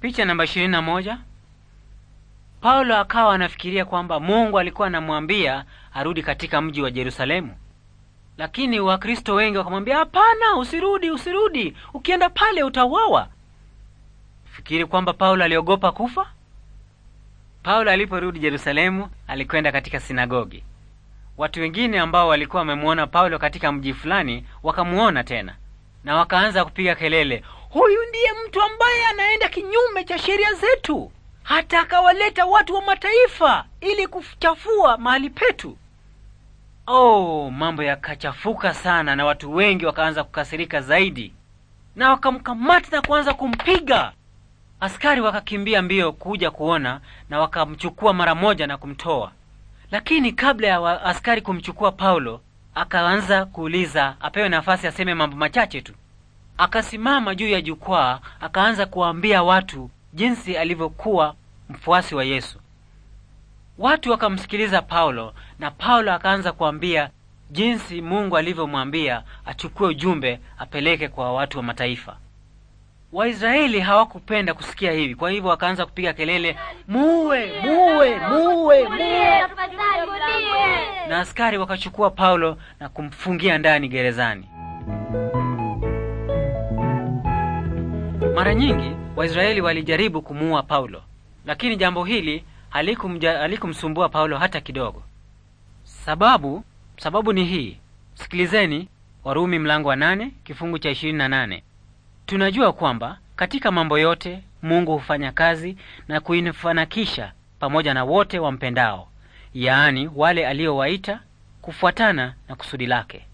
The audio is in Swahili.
Picha namba na moja. Paulo akawa anafikiria kwamba Mungu alikuwa anamwambia arudi katika mji wa Yerusalemu, lakini Wakristo wengi wakamwambia hapana, usirudi, usirudi, ukienda pale utauawa. Fikiri kwamba Paulo aliogopa kufa? Paulo aliporudi Yerusalemu alikwenda katika sinagogi. Watu wengine ambao walikuwa wamemwona Paulo katika mji fulani wakamuona tena na wakaanza kupiga kelele, huyu ndiye mtu ambaye anaenda kinyume cha sheria zetu, hata akawaleta watu wa mataifa ili kuchafua mahali petu. Oh, mambo yakachafuka sana, na watu wengi wakaanza kukasirika zaidi, na wakamkamata na kuanza kumpiga. Askari wakakimbia mbio kuja kuona, na wakamchukua mara moja na kumtoa. Lakini kabla ya askari kumchukua Paulo, akaanza kuuliza apewe nafasi aseme mambo machache tu. Akasimama juu ya jukwaa akaanza kuwaambia watu jinsi alivyokuwa mfuasi wa Yesu. Watu wakamsikiliza Paulo na Paulo akaanza kuambia jinsi Mungu alivyomwambia achukue ujumbe apeleke kwa watu wa mataifa. Waisraeli hawakupenda kusikia hivi, kwa hivyo wakaanza kupiga kelele, muue, muue, muue, muue! Na askari wakachukua Paulo na kumfungia ndani gerezani. Mara nyingi Waisraeli walijaribu kumuua Paulo, lakini jambo hili halikumsumbua Paulo hata kidogo. Sababu sababu ni hii, sikilizeni Warumi mlango wa nane kifungu cha ishirini na nane. Tunajua kwamba katika mambo yote Mungu hufanya kazi na kuifanikisha pamoja na wote wampendao, yaani wale aliowaita kufuatana na kusudi lake.